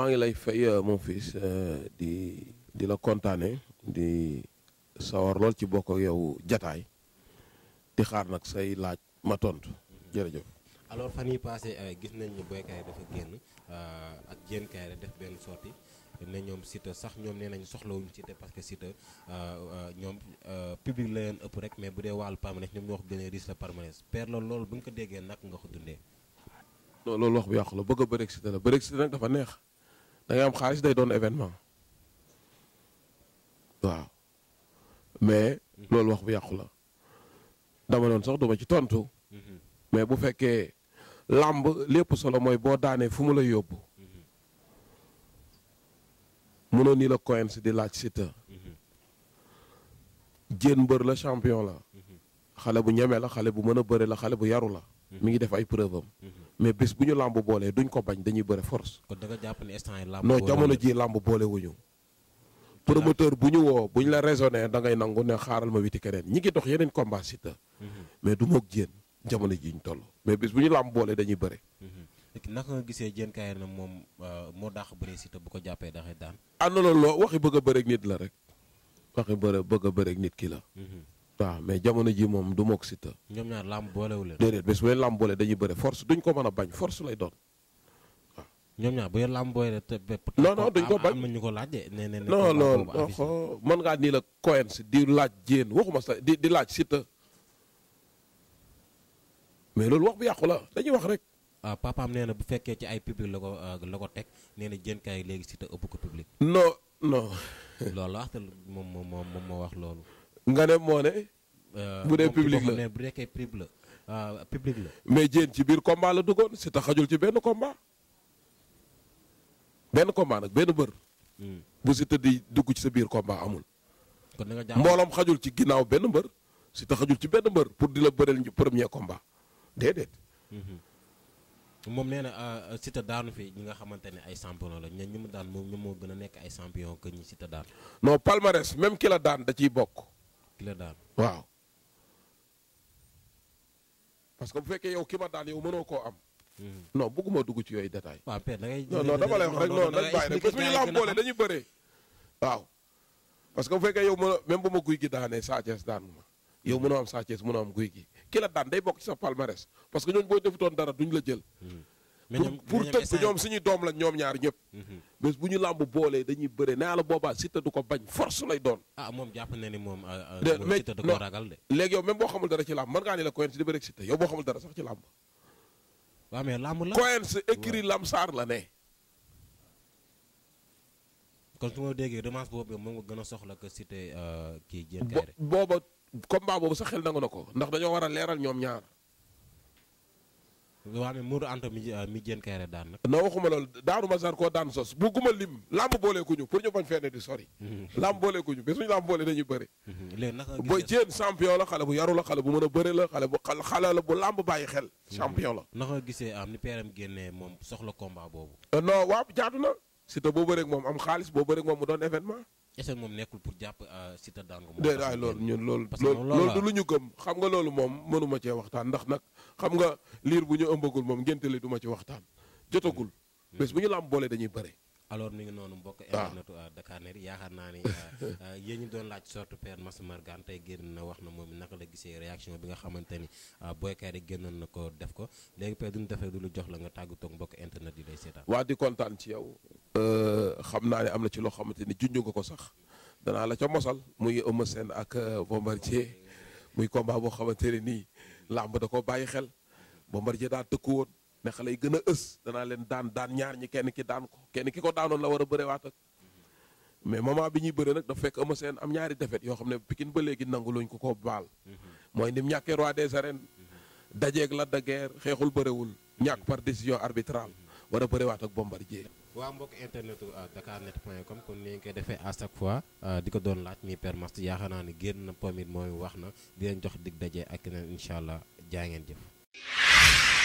maa ngi lay fay euh, mon fils euh, di di la kontaane di sawar lool ci bokk ak yow jataay di xaar nag say laaj ma tontu jërëjëf. alors fan yii passé euh, gis nañ ni Boy Kayre dafa génn ak Diène Kayre def benn sortie ne ñoom Siteu sax ñoom nee nañ soxlawuñ Siteu parce que Siteu ñoom public la leen ëpp rek mais bu dee waal palmarès ñoom ñoo ko gën a riche la palmarès père loolu loolu bu ñu ko déggee nag nga ko dundee. loolu wax bu yàqu la bëgg a la bëreeg Siteu nag da am xaalis day doon événement waaw mais loolu wax bu yàqu la dama doon sox duma ci tontu mais bu fekkee làmb lépp solo mooy boo daanee fu mu la yóbbu mënoon nii la Coins di laaj Siteu jën mbër la champion la xale bu ñeme la xale bu mën a bëre la xale bu yaru la mi ngi def ay preuve am mais bis bu ñu làmb boolee duñ ko bañ dañuy bëre force. kon da nga jàpp ne instant yi làmb non jamono ji làmb boole wuñu promoteur bu ñu woo bu ñu la raisonné da ngay nangu ne xaaral ma witi keneen ñi ngi dox yeneen combat Siteu mais du moog jéen jamono ji ñu toll mais bis bu ñu làmb boole dañuy bëre naka nga gisee Diène Kaïré na moom euh, moo dàq bëree Siteu bu ko jàppee daxee daan. ànd ah loolu waxi bëgg a bëreeg nit la rek waxi bëre bëgg a bëreeg nit ki la. Mhm. waaw mais jamono ji moom du mook Siteu. ñoom ñaar làmb boolewu leen. déedéet bés bu leen làmb boole dañuy force duñ ko mën a bañ force lay doon waaw. ñoom ñaar bu leen làmb boole te non non duñ ko bañ am na ñu ko laaj de. nee nañ non loolu ah, mën ngaa nii la Coen si di laaj jéen sa di di laaj Siteu loolu wax bu yàqu la dañuy wax rek. ah papaam nee na bu fekkee ci ay public la ko ah, la ko teg nee na jën kaay léegi Siteu ëpp ko public. non non. loolu la wax te moom moo moo wax loolu. nga ne moo ne. Euh, bu dee public la bu nekkee public la public la. mais jéen ci biir combat la duggoon si tax xajul ci benn combat. benn combat nag benn bër. Hmm. bu si tëddi dugg ci sa biir combat amul. kon danga jàpp mbooloom xajul ci ginnaaw benn mbër. si tax xajul ci benn mbër pour di la bëreel ñu premier combat déedéet. Hmm. moom nee na euh, Siteu daanu fi ñu nga xamante ne ay champion la ñun ñu mu daan moom ñu moo gën a nekk ay champion que ñi Siteu daan. non palmarès même ki la daan da ciy bokk. ki la waaw parce que bu fekkee yow ki ma daan yow mënoo koo am. Hmm. non bëgguma dugg ci yooyu détail. waaw père ngay non non dama lay wax rek non nañ bàyyi rek parce que ñu laam dañuy bëree. waaw parce que bu fekkee yow mën même bu ma guy gi daanee Sa Thiès daan ma yow mënoo am Sa Thiès mënoo am guy gi ki daan day bokk ci sa palmarès parce que ñooñu boo defutoon dara duñu la jël. Hmm. pour tënk ñoom suñu doom la ñoom ñaar ñëpp mm-hmm. bés bu ñu làmb boolee dañuy bëre nee la boobaa Siteu du ko bañ force lay doon ah moom jàpp na ni moom euh, euh, Siteu du ko ragal de léegi yow même boo xamul dara ci làmb mën ngaa ni la Coence di bëre ak Siteu yow boo xamul dara làmb waaw mais làmb la Coence écrit lamsaar la ne kon su ma déggee revanche boobu moom nga gën a soxla que Siteu euh, kii Diène Kaïré booba combat boobu sax xel nangu na ko ndax dañoo war a leeral ñoom ñaar waa ne Modou Anta mi euh, mi jën kayre daan na waxuma loolu daanu ma sar koo daan sos bugguma lim làmb booleekuñu pour ñu bañ fenn di sori hmm. làmb booleekuñu mais suñu làmb boole dañuy bëri hmm. léegi naka booy jën champion la xale bu yaru la xale bu mën a bëri la xale la bu làmb bàyyi xel hmm. champion la naka gisee am ni peeram génnee moom soxla combat boobu euh, non waaw jaatu na surtout boo bëree ak moom am xaalis boo bëree ak moom mu doon événement essai moom nekkul pour jàpp euh, Siteu daan ko. de daay loolu ñun loolu. loolu du lu ñu gëm xam nga loolu moom mënuma cee waxtaan ndax nag xam nga liir bu ñu ëmbagul moom ngénte du duma ci waxtaan jotagul mm-hmm. bés bu ñu làmb boolee dañuy bëre alors nu ngi noonu mbokk ah. internetu euh, Dakar Net yaakaar naa ni euh, euh, yéen doon laaj sorte père Max Mbargane tey génn na wax na moom naka la gisee réaction bi nga xamante ni boykaar yi génnoon na ko def ko léegi père duñu defee du lu jox la nga tàggatoog mbokk internet yi lay seetaan waa di kontaan ci yow xam naa ne am na ci loo xamante ni junj nga ko sax danaa la ca mosal muy Eumeu Sène ak Bombardier muy combat boo xamante ne nii làmb da koo bàyyi xel Bombardier daa tëkku woon ne xale yi gën a ës danaa leen daan daan ñaar ñi kenn ki daan ko kenn ki ko daanoon la war a bëre waat ak mais moment bi ñuy bëre nag dafa fekk Eumeu Sène am ñaari defet yoo xam ne Pikine ba léegi nangu luñ ko ko baal mooy ni mu ñàkkee roi des arènes dajeeg Lac de Guiers xeexul bëriwul ñàkk par décision arbitrale war a bëre waat ak Bombardier waaw mbokk internetu euh, dakarnet point comme kon ni ñu defee à chaque fois euh, di ko doon laaj mi permas yaakaar naa ne génn na pomit mooy wax na di jox dig daje ak neen incha allah jaa ngeen jëf